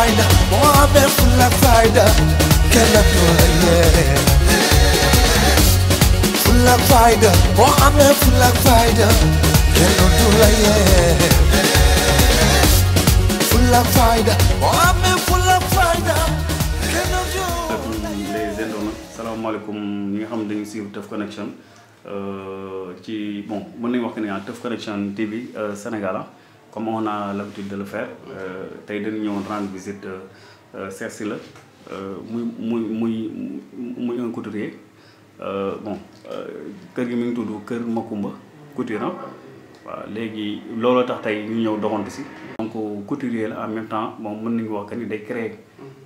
فايدة مواضيع كلها فايدة كلها فايدة كلها فايدة مواضيع كلها فايدة Yeah. كلها فايدة مواضيع كلها فايدة les internautes salaamaaleykum ñi nga xam dañuy suivre Teuf Connection euh, ci bon mën nañu wax que ne Teuf Connection TV euh, Sénégal ah comme on a l'habitude de le faire on nous on rendre visite à euh, euh, euh, muy un couturier bon kër gi maison ngi kër Makumba couturier. tax un donc couturier en même temps bon On nañu wax que ni day créer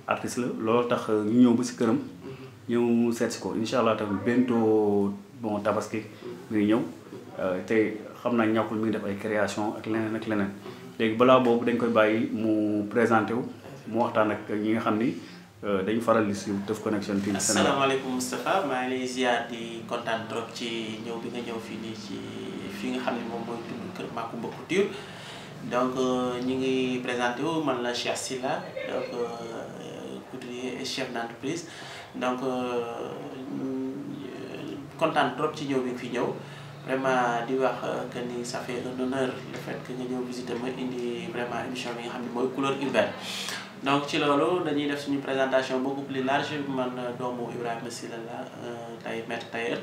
artiste la looloo tax ñu tabaski xam naa ñàkkul mi ngi def ay création ak leneen ak leneen léegi balaa boobu dañ koy bàyyi mu présenté wu mu waxtaan ak ñi nga xam ni euh, dañu faral di suivre Teuf Connection TV Sénégal asalaamaaleykum Moustapha maa ngi lay ziar di kontaan trop ci ñëw bi nga ñëw fii nii ci fi nga xam moom mooy tudd Kër Macoumba donc euh, ñu ngi présenté man la Cheikh Sylla donc euh, couturier et donc kontaan trop ci ñëw bi nga fi ñëw vraiment di wax euh, que ni ça fait un honneur le fait que nga ñëw visiter indi vraiment émission yi nga xam ne mooy couleur urbaine donc ci loolu dañuy def suñu présentation beaucoup plus large man euh, doomu Ibrahima si la euh, tay maître tailleur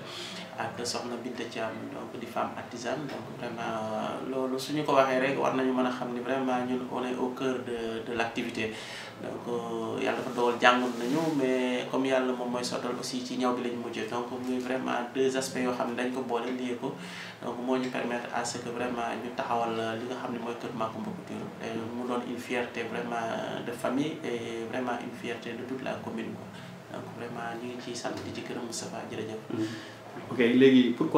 ak soxna Binta Thiam donc di femme artisane donc vraiment loolu su ñu ko waxee rek war nañu mën a xam ni vraiment ñu on est au cœur de de l' activité donc euh, yàlla dafa dogal jàngoon nañu mais comme yàlla moom mooy sottal aussi ci ñaw bi lañu mujjee donc muy vraiment deux aspects yoo xam ne dañ ko boole lié ko donc moo ñu permettre à que vraiment ñu taxawal li nga xam ne mooy kër Macoumba Couture mu doon une fierté vraiment de famille et vraiment une fierté de toute la commune quoi vraiment ñu ngi ciy sant di ci gërëm Moustapha jërëjëf mm-hmm. ok léegi pour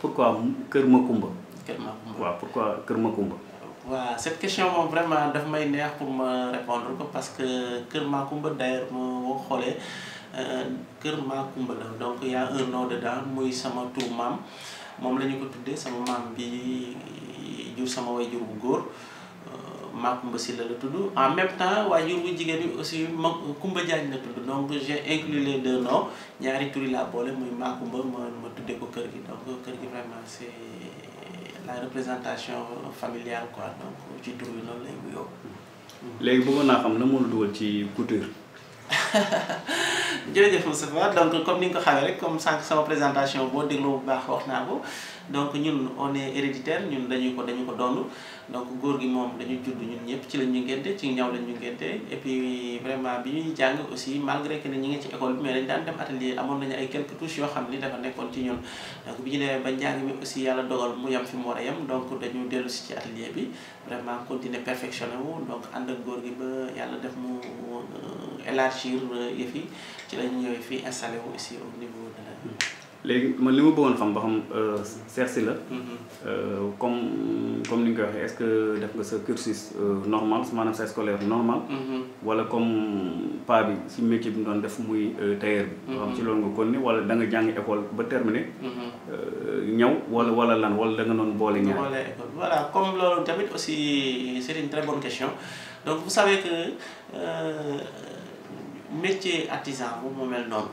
pourquoi Kër Macoumba. Kër Macoumba waaw pourquoi Kër Macoumba. waaw cette question moom vraiment daf may neex pour ma répondre ko parce que Kër Macoumba d'ailleurs moo xoolee euh, Kër Macoumba la donc y a un nom muy sama tur maam moom la ko tuddee sama maam bi jur sama way jur góor. Maa Kumba Sylla la tudd en même temps waajur bu aussi ma Kumba Diagne la tudd donc j'ai inclus les deux noms ñaari touri la boole muy Maa Kumba ma ma tuddee ko kër gi donc kër gi vraiment c'est la représentation familiale quoi donc ci tour yi non lay yo légui bëggoon naa xam na mo dugal ci couture. jërëjëf Moussa donc comme ni nga ko rek comme sank sama présentation bo déglou bu baax wax naa ko donc ñun on est héréditaire ñun dañu ko dañu ko doon donc góor gi mom dañu judd ñun ñëpp ci la ñu ngénte ci ñaw la ñu ngénte et puis vraiment bi ñuy jàng aussi malgré que ne ñi ngi ci école bi mais dañ daan dem atelier amon nañu ay quelques touches yo xam ni dafa nekkon ci ñun donc bi ñu demee ba njàng mi aussi yalla dogal mu yam fi mu war a donc dañu dellu si ci atelier bi vraiment continuer perfectionner wu donc ànd ak góor gi ba yalla def mu euh, élargir yefi ci la ñu ñëwee fii installé wu aussi au niveau de la léegi man li ma bëggoon xam ba xam Cheikh Sylla la. Mhm. Euh, comme comme ni nga ko waxee est-ce que def nga sa cursus euh, normal maanaam sa scolaire normal. Mhm. wala comme pa bi si métier bi doon def muy euh, tailleur bi. ba xam mhm. ci loolu nga konni wala da nga jàng école ba terminé. ñëw wala wala lan wala da nga doon boole ñaar. voilà comme loolu tamit aussi c'est une très bonne question donc vous savez que métier artisan bu mu mel noonu.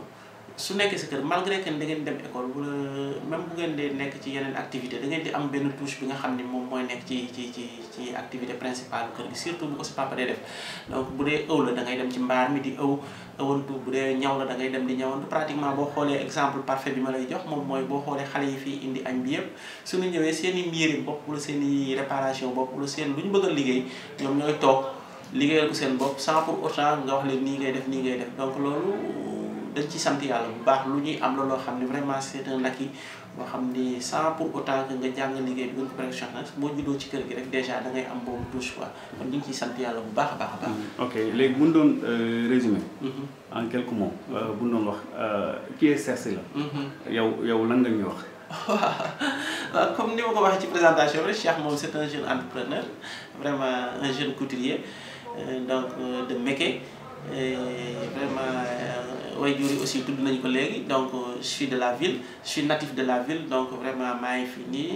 su nekkee sa kër malgré que da ngeen dem école bu la même bu ngeen di nekk ci yeneen activité da ngeen di am benn touche bi nga xam ne moom mooy nekk ci ci ci ci activité principale kër gi surtout bu ko sa papa day def donc bu dee ëw la da ngay dem ci mbaar mi di ëw ëwantu bu dee ñaw la da ngay dem di ñawantu pratiquement boo xoolee exemple parfait bi ma lay jox moom mooy boo xoolee xale yi fii indi añ bi yëpp su nu ñëwee seen i mbiiri bopp seen réparation bopp la seen lu bëgg liggéey ñoom ñooy toog liggéeyal ko seen bopp sans pour autant nga wax leen nii ngay def nii ngay def donc loolu dañ ci sant yàlla bu baax lu ñuy am la loo xam ne vraiment c'est un acquis boo xam ni sans pour autant que nga jàng liggéey bi nga juddoo ci kër gi rek déjà da am boobu douche quoi kon ñu ngi ciy sant yàlla bu baax a baax a baax. Mm-hmm. ok léegi bu ñu euh, résumé. Mm-hmm. en quelques mots euh, bu ñu wax euh, qui est Cercy la. Mm-hmm. yow yow lan nga ñuy wax. waaw comme ni ma ko waxee ci présentation rek Cheikh moom c'est un jeune entrepreneur vraiment un jeune couturier donc de Mékhé vraiment. waajur yi aussi tout nañu ko léegi donc euh, je suis de la ville je suis natif de la ville donc vraiment ma ngi fi nii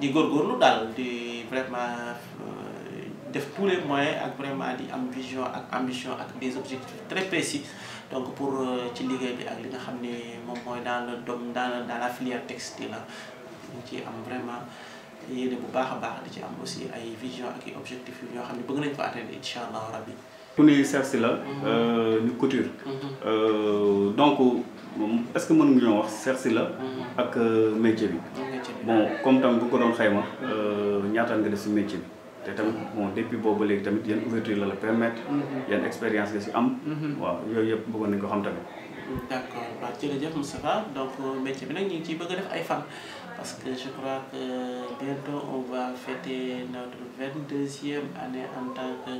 di dal, daal di vraiment euh, def tous les moyens ak vraiment di ambitions ambitions ak ambition ak des objectifs très précis donc pour euh, ci liggéey bi ak li nga dans le domaine dans dans la filière textile là ñu ci am vraiment yéene bu baax a baax di ci am aussi ay vision ak i objectifs yoo xam ne bëgg nañ ko atteindre inshallah, rabbi les serre là, de couture. Mhm. Euh, donc est-ce que mon nga cercles là avec la. Mhm. Euh, métier bon comme tam bu ko doon xayma euh, ñaata nga def si métier bi. te mhm. bon depuis boobu léegi tamit une ouverture la la permettre. yan expérience la si am. waaw yooyu yëpp bëggoon nañu ko xam tamit. d'accord waaw bah, jërëjëf Moustapha donc métier bi nag ñu ngi ciy bëgg a def ay fan. parce que je crois que bientôt on va fêter notre vingt-deuxième année en tant que.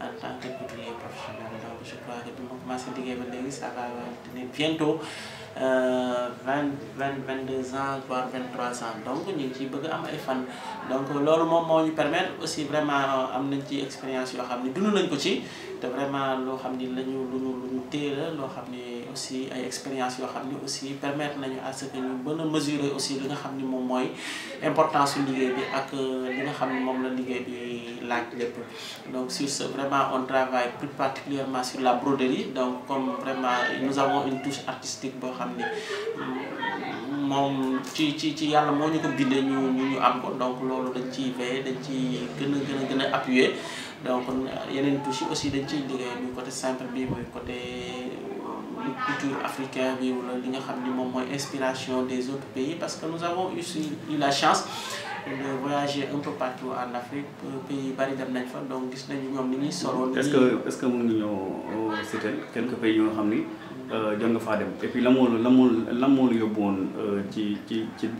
en tant que couturier professionnel donc je crois que bi ma commencé liggéey ba léegi ça va tenir bientôt euh, vingt vingt vingt deux ans voire vingt trois ans donc ñu ngi ciy bëgg am ay fan. donc loolu moom moo ñu permettre aussi vraiment euh, am nañ ci expérience yoo xam ne dund nañ ko ci te vraiment loo xam ni la ñu lu ñu lu ñu téye loo xam ni. aussi ay expérience yoo xam ni aussi permettre nañu à ce que ñu mën mesurer aussi li xam ni moom mooy importance su liggéey bi ak euh, li nga xam ni moom la liggéey bi laaj lépp donc sur ce vraiment on travaille plus particulièrement sur la broderie donc comme vraiment nous avons une touche artistique boo xam ni mm, moom ci ci ci yàlla moo ñu ko bindee ñu ñu ñu am ko donc loolu dañ ciy veillé dañ ci gën a gën a gën a appuyer donc yeneen touche aussi dañ ciy liggéey bi culture africaine bi wala li nga inspiration des autres pays parce que nous avons eu eu la chance de voyager un peu partout en Afrique euh, pays bari dem nañ fa donc gis nañu ñoom ni ñuy soloon. est-ce que est-ce que mën nga ñoo euh, quelques pays yoo xam euh, dem et puis l'amour moo la lan moo lan qui euh, ci ci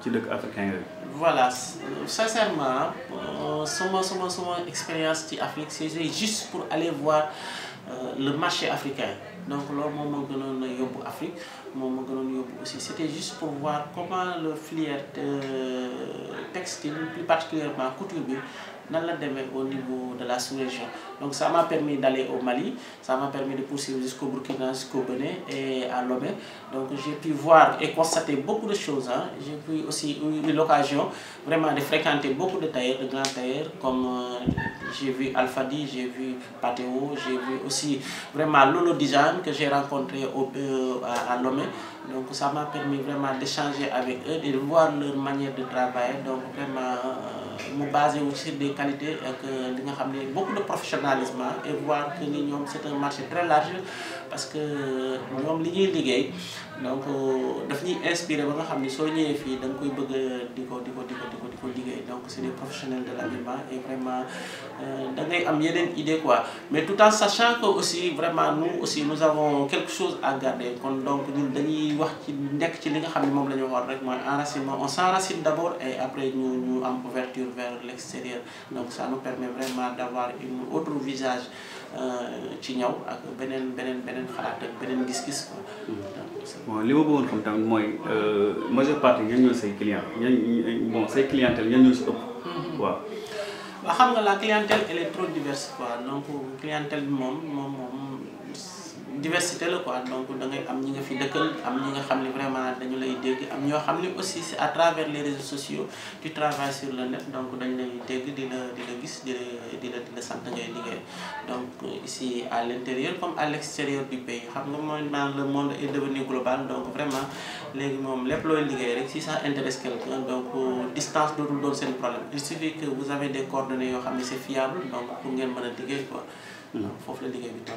ci africain voilà sincèrement sama sama sama expérience ci Afrique c'est juste pour aller voir. Euh, le marché africain donc l'homme ma Afrique aussi c'était juste pour voir comment le filière euh, textile plus particulièrement couture la au niveau de la sous-région donc ça m'a permis d'aller au Mali ça m'a permis de poursuivre jusqu'au Burkina jusqu'au Bénin et à Lomé donc j'ai pu voir et constater beaucoup de choses hein. j'ai pu aussi eu l'occasion vraiment de fréquenter beaucoup de tailleurs de grands tailleurs comme euh, j'ai vu Alfadi j'ai vu Pateo j'ai vu aussi vraiment Lolo Dijan que j'ai rencontré au, euh, à, Lomé donc ça m'a permis vraiment d'échanger avec eux de voir leur manière de travailler donc vraiment euh, mu basé aussi sur des qualités que li nga beaucoup de professionnalisme et voir que c'est un marché très large parce que nous li les gays donc euh, daf ñuy inspiré ba nga xam ne soo ñëwee fii da nga koy bëgg di ko di ko di ko di ko di ko liggéey donc c'est des professionnels de l'habillement et vraiment euh, da ngay am yeneen idée quoi mais tout en sachant que aussi vraiment nous aussi nous avons quelque chose à garder kon donc ñun dañuy wax ci nekk ci li nga xam ne moom la ñu war rek mooy enracinement on s'enracine d'abord et après ñu ñu am ouverture vers l'extérieur donc ça nous permet vraiment d'avoir une autre visage euh, ci ñaw ak beneen beneen beneen xalaat ak beneen gis-gis quoi mm bon li ma bëggoon xam tamit mooy euh, majeure partie ñan ñooy say client ñan bon say clientèle ñan ñoo si ëpp. Mhm. waaw. waaw xam nga la clientèle elle est trop diverse quoi donc clientèle bi moom moom moom diversité donc am fi vraiment aussi à travers les réseaux sociaux tu travailles sur le net donc la gis donc ici à l'intérieur comme à l'extérieur du pays le monde est devenu global donc vraiment léegi si ça intéresse quelqu'un donc distance problème il suffit que vous avez des coordonnées yoo fiable donc pour ngeen mën a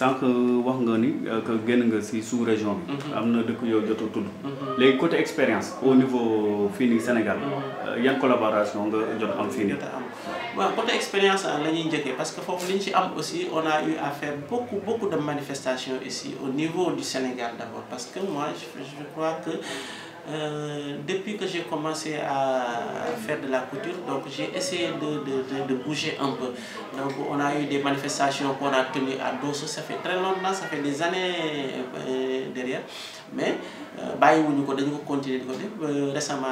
sànq wax nga ni euh, que génn nga si sous région bi. Mhm. am na dëkk yow jot a tudd. Mhm. léegi côté expérience au niveau fii nii Sénégal. Mhm. Euh, yan collaboration nga jot am fii nii. waaw côté expérience euh, la ñuy njëkkee parce que foofu li ñu ci am aussi on a eu à faire beaucoup beaucoup de manifestations ici au niveau du Sénégal d' abord parce que moi je crois que. Euh, depuis que j'ai commencé à faire de la couture, donc j'ai essayé de, de, de, bouger un peu. Donc on a eu des manifestations qu'on a tenues à Dosso, ça fait très longtemps, ça fait des années euh, derrière. Mais nous avons continué de côté. Récemment,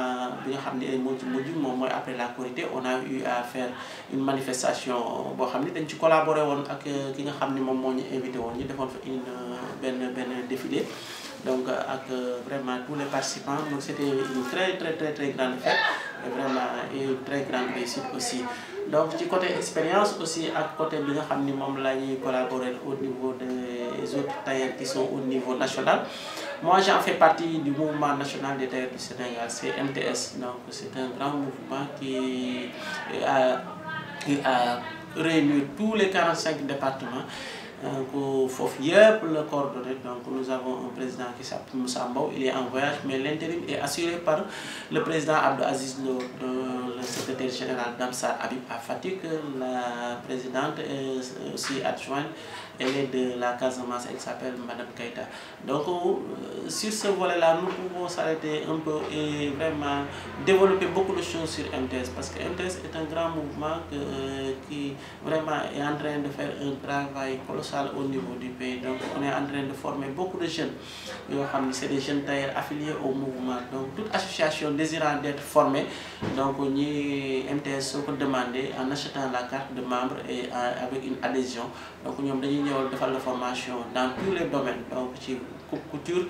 après la Corité, on a eu à faire une manifestation. Nous avons collaboré avec qui nous a invité, nous avons fait un défilé donc euh, avec euh, vraiment tous les participants. c'était une très très très très grande fête et vraiment une très grande réussite aussi. Donc du côté expérience aussi, à côté de nous collaborer au niveau des autres tailleurs qui sont au niveau national. Moi, j'en fais partie du mouvement national des tailleurs du Sénégal, c'est MTS. Donc, c'est un grand mouvement qui qui a réuni tous les 45 départements pour le coordonné. Donc, nous avons un président qui s'appelle Moussambo, il est en voyage, mais l'intérim est assuré par le président Abdou Aziz le secrétaire général d'Amsa Abib Afatik, la présidente aussi adjointe elle est de la Casamance, elle s'appelle Madame Kaita. Donc euh, sur ce volet-là, nous pouvons s'arrêter un peu et vraiment développer beaucoup de choses sur MTS parce que MTS est un grand mouvement euh, qui vraiment est en train de faire un travail colossal au niveau du pays. Donc on est en train de former beaucoup de jeunes. C'est des jeunes tailleurs affiliés au mouvement. Donc toute association désirant d'être formée, donc on y MTS peut demander en achetant la carte de membre et avec une adhésion. Donc on y ñëwal defal la formation dans tous les domaines donc ci couture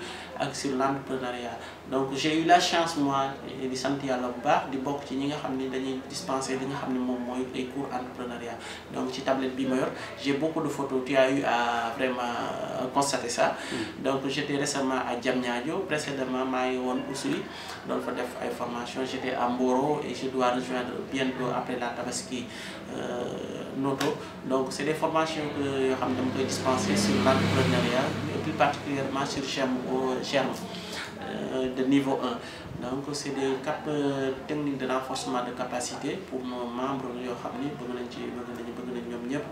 sur l'entrepreneuriat donc j'ai eu la chance moi de sant à bu de di de ci ñi nga dispensé dispenser li nga cours entrepreneuriat donc ci tablette bi j'ai beaucoup de photos tu as eu à vraiment euh, constater ça mm. donc j'étais récemment à Diamniadio précédemment à ngi woon Oussouye donc fa formation j'étais à Mboro et je dois rejoindre bientôt après la Tabaski euh, Noto donc c'est des formations que je vais dispenser sur l'entrepreneuriat particulièrement sur le euh, de niveau 1. Donc, c'est des cap euh, techniques de renforcement de capacité pour nos membres qui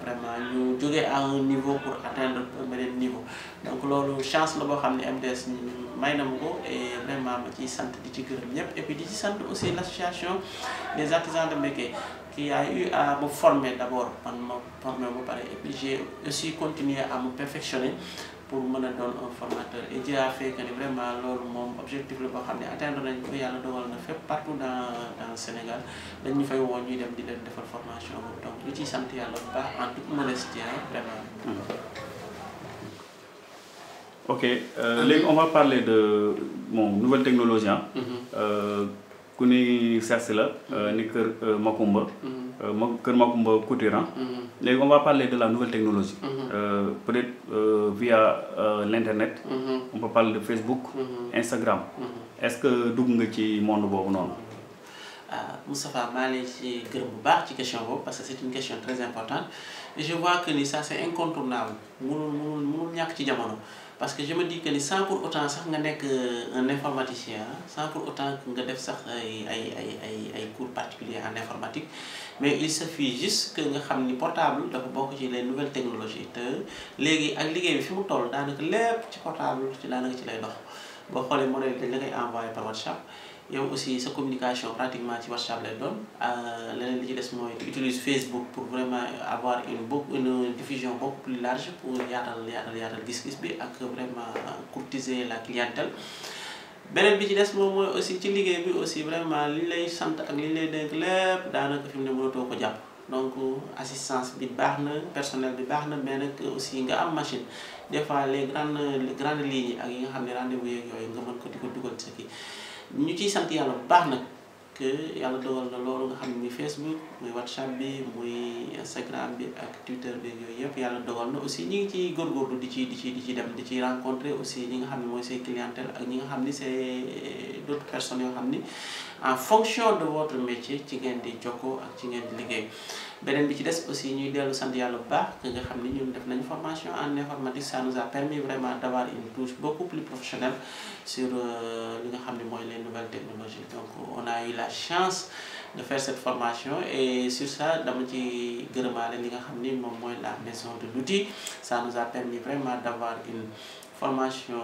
vraiment nous jouer à un niveau pour atteindre un niveau. Donc, la chance de MDS may na et vraiment suis ciy sant di ci et puis ci aussi l'association des artisans de Meké qui a eu à me former d'abord, pendant mon ma et puis j'ai aussi continué à me perfectionner pour mën a un formateur et Dieu fait que vraiment leur moom objectif le boo xam ne atteindre nañ ko yàlla dogal na fait partout dans dans le Sénégal dañ ñu fay woo ñuy dem di leen defal formation boobu donc ñu ciy sant yàlla bu baax en toute modestie hein, vraiment. Hmm. ok euh, léegi on va parler de mon nouvelle technologie ah. ku ni CERS la. Euh, mm-hmm. ni kër Makumba. Mm-hmm. Je euh, mhm. on va parler de la nouvelle technologie. Mhm. Euh, peut-être euh, via l'internet. Mhm. on peut parler de Facebook. Instagram. est-ce que monde question parce que c'est une question très importante je vois que ça c'est incontournable parce que je me dis que ni sans pour autant sax nga nek euh, un informaticien sans pour autant nga def sax ay ay ay ay cours particuliers en informatique mais il suffit juste que nga xam ni portable dafa bok ci les nouvelles technologies te légui ak liguey bi fi mu toll danaka lepp ci portable ci daanaka ci lay dox boo xolé modèle dañ la envoyer par WhatsApp y a aussi sa communication pratiquement ci WhatsApp lay doon euh, leneen li ci des mooy utilise Facebook pour vraiment avoir une beaucoup une diffusion beaucoup plus large pour y yaatal yaatal gis-gis bi ak vraiment courtiser la clientèle beneen bi ci dess moom aussi ci liggéey bi aussi vraiment li lay sante ak li lay dénk lépp daanaka fi mu ne mënatoo ko japp donc assistance bi baxna personnel bi baxna mais nak aussi nga am machine des fois les grandes les grandes lignes ak yi nga ne rendez-vous yoy nga mën ko dugal ci ki ñu ciy sant yàlla bu baax na que yàlla dogal na loolu nga xam ni muy Facebook muy WhatsApp bi muy Instagram bi ak Twitter bi yooyu yëpp yàlla dogal na aussi ñi ngi ciy góorgóorlu di ci di ci di ci dem di ci rencontrer aussi ñi nga xam ne mooy see clientèle ak ñi nga xam ni c'est d'autres personnes yoo xam ni en fonction de votre métier ci ngeen di Joko ak ci ngeen di liggéey bi ci des aussi ñuy sant yalla bu baax nga xamni def nañ formation en informatique ça nous a permis vraiment d'avoir une touche beaucoup plus professionnelle sur euh, li nga les nouvelles technologies donc on a eu la chance de faire cette formation et sur ça dama ci gërëmaale li nga la maison de l'outil ça nous a permis vraiment d'avoir une formation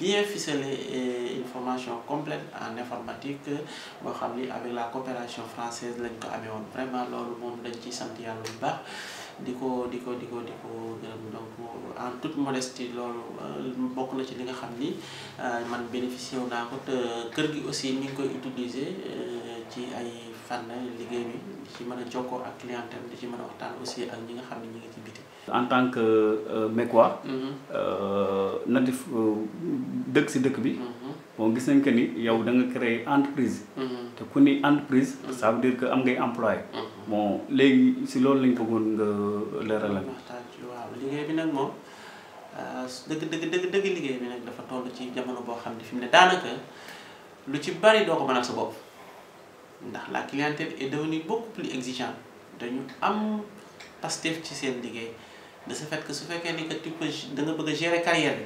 bien ficelé et une formation complète en informatique avec la coopération française di ko di ko di ko di ko gërëm donc en toute modestie loolu euh, bokk na ci li nga xam ni euh, man bénéficié wu naa ko te kër gi aussi mi ngi koy utiliser euh, ci ay fànn liggéey bi di ci mën a jokkoo ak clientèle di ci mën a waxtaan aussi ak ñi nga xam ne ñu ngi ci biti. en tant que Mecquois. Mm-hmm. natif dëkk si dëkk bi. Mm-hmm. bon gis nañ que ni yow da nga créer entreprise. Mm-hmm. te ku ni entreprise. ça dire que am ngay employé. Mm-hmm. bon léegi si loolu lañ bëggoon nga leeralal. waaw liggéey bi nag moom euh, dëgg dëgg dëgg dëgg liggéey bi dafa toll ci jamono boo xam ne fi ne daanaka lu ci bari doo ko mënal sa bopp ndax la clientèle est devenue beaucoup plus exigeante dañu am pastef ci seen liggéey de ce fait que su fekkee ni que tu peux da nga bëgg a gérer carrière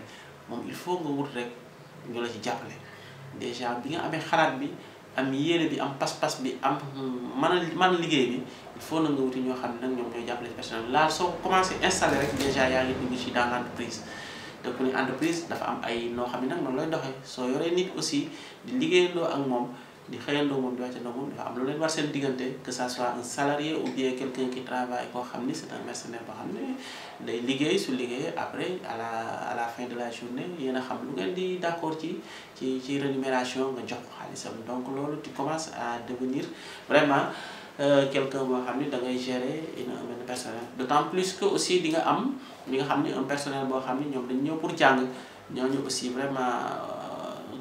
moom il faut nga wut rek. ñu la ci jàppale déjà bi nga amee xaraat bi am yére bi am pas-pas bi am man a man liggéey bi foo faut na nga wuti ñoo xam ne nag ñoom ñooy jàppale ci personnel là soo ko commencé installé rek déjà yaa ngi dugg ci dans l'entreprise te ku ne entreprise dafa am ay noo xam ne nag noonu lay doxee soo yoree nit aussi di liggéeyandoo ak moom di xëyandoo moom di am lu que ça soit un salarié ou bien quelqu'un qui travaille c'est un mercenaire après à la fin de la journée xam d'accord ci ci rémunération donc tu commences à devenir vraiment euh, quelqu'un boo xam da gérer une un personnel d'autant plus que aussi di nga un personnel boo xam dañ pour aussi vraiment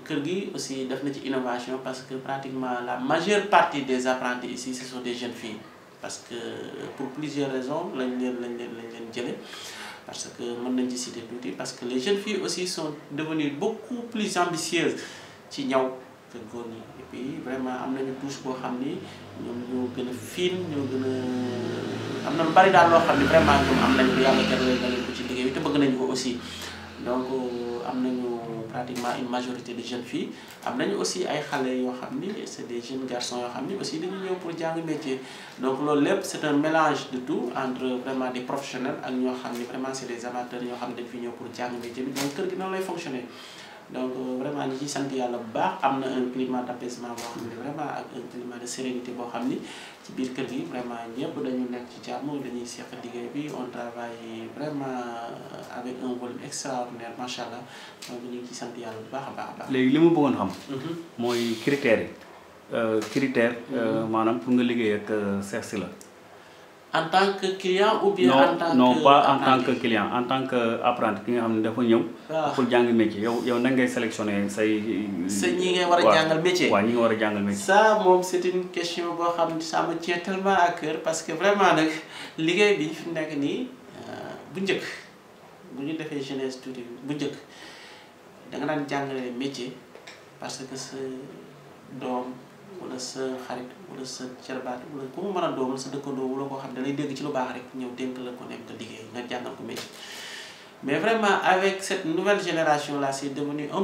kër aussi définit ci innovation parce que pratiquement la majeure partie des apprentis ici ce sont des jeunes filles parce que pour plusieurs raisons lañ leen lañ leen lañ leen parce que mon nañ ci citer parce que les jeunes filles aussi sont devenues beaucoup plus ambitieuses ci ñaw que góor et puis vraiment am nañu touche boo xam ni nous ñoo fine a fiin ñoo gën a am na bari daal vraiment ñoom am nañ lu yàlla jagleel na leen ko ci liggéey bi aussi donc euh, am pratiquement une majorité de jeunes filles am aussi ay xale yoo xam ni c'est des jeunes garçons yoo xam ni aussi dañu ñëw pour jàng métier donc loolu lépp c'est un mélange de tout entre vraiment des professionnels ak vraiment c'est des amateurs yoo xam ne dañ fi ñëw pour jàng métier donc kër gi noonu lay fonctionner donc vraiment li ci sant yàlla bu baax am na un climat d' apaisement boo xam ne vraiment ak un climat de sérénité boo xam ni ci biir kër gi vraiment ñëpp dañu nekk ci jàmm dañuy seq liggéey bi on travaille vraiment avec un volume extraordinaire macha allah donc ñu ngi ci sant yàlla bu baax a baax a baax. léegi li ma bëggoon xam. mooy mhm. critère eh, yi critère. Mhm. Eh, maanaam pour nga liggéey ak CERS la. en tant que client ou bien en tant que non pas en tant que client en tant que apprenti ki nga xam ne dafa ñëw. Ah. pour jàng métier yow yow nan ngay sélectionné say. sa ñi ngay war a jàngal métier waaw ñi nga war a jàngal métier. ça moom c' est une question boo xam ne ça me tient tellement à cœur parce que vraiment nag liggéey bi fi nekk nii euh, bu njëkk bu ñu defee jeunesse tuuti bu njëkk da nga daan jàngale métier parce que sa doom. wala sa xarit wala sa cerbaat wala ku mu mën a doon wala sa dëkkandoo wala koo xam ne dalay dégg ci lu baax rek ñëw dénk la ko nekk liggéey nga mais vraiment avec cette nouvelle génération là c'est devenu un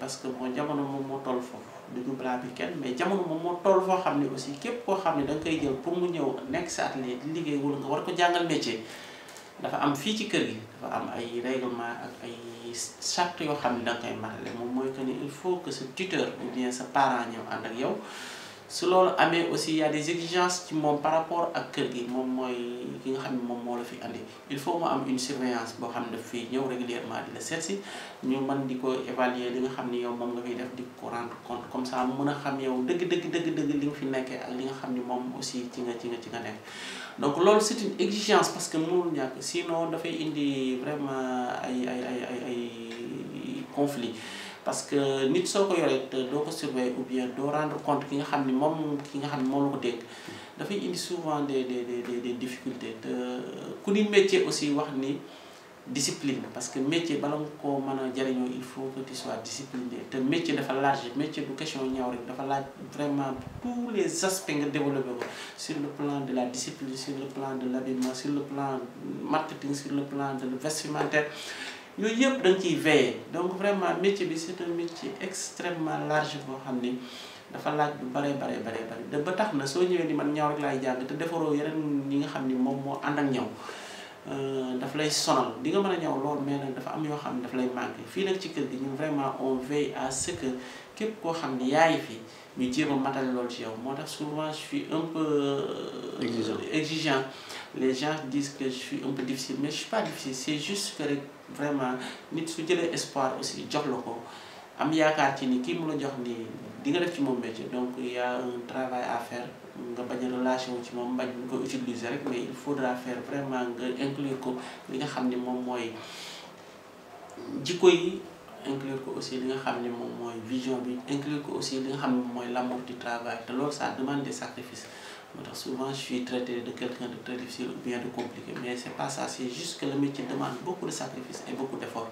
parce que bon jamono moom moo toll kenn mais jamono moom moo toll foo xam ne aussi képp koo xam ne da nga koy jël pour mu ñëw nekk sa atelier di liggéey wala nga war ko jàngal métier dafa am fii ci kër gi dafa am ay règlement ak ay charte yoo xam ne danga koy matale moom mooy que ni il faut que sa tuteur ou bien sa parent ñëw ànd ak yow su loolu amee aussi y a des exigences ci moom par rapport à keur gi mom moy ki nga xamni mom moom la fi andé il faut mo am une surveillance bo xam ne daf fiy ñëw régulièrement di la seet ñu man diko évaluer li nga xamni yow moom nga fay def di ko rendre compte comme ça mu mën a xam yow deug deug deug deug li nga fi nekkee ak li nga xamni mom aussi ci nga ci nga ci nga nekk donc lolu c'est une exigence parce que mënul ñak sinon da fay indi vraiment ay ay ay ay ay conflit parce que nit soko ko yoree te doo ko surveiller ou bien do rendre compte ki nga xamni mom ki nga xamni mom lako da fay indi souvent des des des des difficultés te ku métier aussi wax ni discipline parce que métier balam ko koo mën il faut que tu sois discipliné te métier dafa large métier du question ñaaw rek dafa laaj vraiment tous les aspects nga développer sur le plan de la discipline sur le plan de l'habillement sur le plan marketing sur le plan de le vestimentaire yooyu yëpp da nga ciy veiller donc vraiment métier bi c'est un métier extrêmement large boo xam ni dafa laaj bu bare bare bare bare da ba tax na soo ñëwee ni man ñaw rek laay jàng te defaroo yeneen ñi nga xam ni moom moo ànd ak ñaw euh, daf lay sonal di nga mën a ñaw lool mais nag dafa am yoo xam ne daf lay manqué fii nag ci kër gi ñun vraiment on veille à ce que képp koo xam ni yaay fi ñu jéem a matal loolu ci yow moo tax souvent je suis un peu euh, exigeant les gens disent que je suis un peu difficile mais je suis pas difficile c'est juste que rek vraiment nit su jëlee espoir aussi jox loko am yaakaar ci ni ki mu la jox ni di nga def ci mom métier donc y a un travail à faire nga bañ relation ci mom bañ ko utiliser rek mais il faudra faire vraiment nga inclure ko li nga xamni mom moy jiko yi inclure ko aussi li nga xamni mom moy vision bi inclure ko aussi li nga xamni mom moy l'amour du travail te lolu ça demande des sacrifices souvent, je suis traité de quelqu'un de très difficile ou bien de compliqué, mais c'est pas ça. C'est juste que le métier demande beaucoup de sacrifices et beaucoup d'efforts.